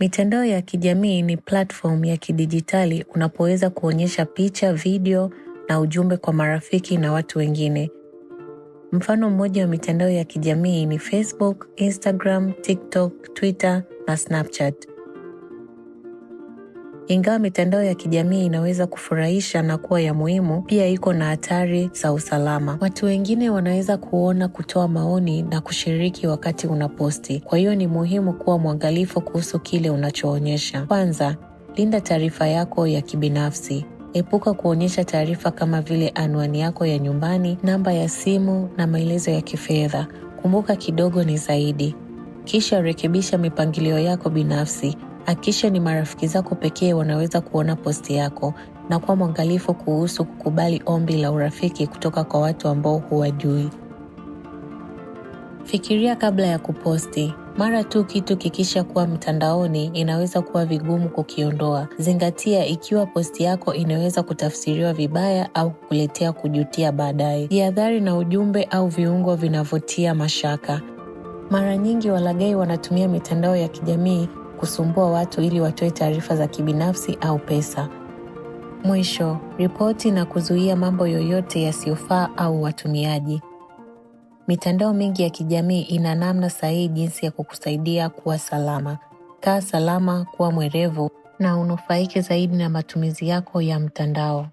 Mitandao ya kijamii ni platform ya kidijitali unapoweza kuonyesha picha, video na ujumbe kwa marafiki na watu wengine. Mfano mmoja wa mitandao ya kijamii ni Facebook, Instagram, TikTok, Twitter na Snapchat. Ingawa mitandao ya kijamii inaweza kufurahisha na kuwa ya muhimu, pia iko na hatari za usalama. Watu wengine wanaweza kuona, kutoa maoni na kushiriki wakati unaposti. Kwa hiyo ni muhimu kuwa mwangalifu kuhusu kile unachoonyesha. Kwanza, linda taarifa yako ya kibinafsi. Epuka kuonyesha taarifa kama vile anwani yako ya nyumbani, namba ya simu na maelezo ya kifedha. Kumbuka kidogo ni zaidi. Kisha rekebisha mipangilio yako binafsi. Hakikisha ni marafiki zako pekee wanaweza kuona posti yako na kuwa mwangalifu kuhusu kukubali ombi la urafiki kutoka kwa watu ambao huwajui. Fikiria kabla ya kuposti. Mara tu kitu kikisha kuwa mtandaoni, inaweza kuwa vigumu kukiondoa. Zingatia ikiwa posti yako inaweza kutafsiriwa vibaya au kukuletea kujutia baadaye. Jihadhari na ujumbe au viungo vinavyotia mashaka. Mara nyingi walagai wanatumia mitandao ya kijamii kusumbua watu ili watoe taarifa za kibinafsi au pesa. Mwisho, ripoti na kuzuia mambo yoyote yasiyofaa au watumiaji. Mitandao mingi ya kijamii ina namna sahihi jinsi ya kukusaidia kuwa salama. Kaa salama, kuwa mwerevu na unufaike zaidi na matumizi yako ya mtandao.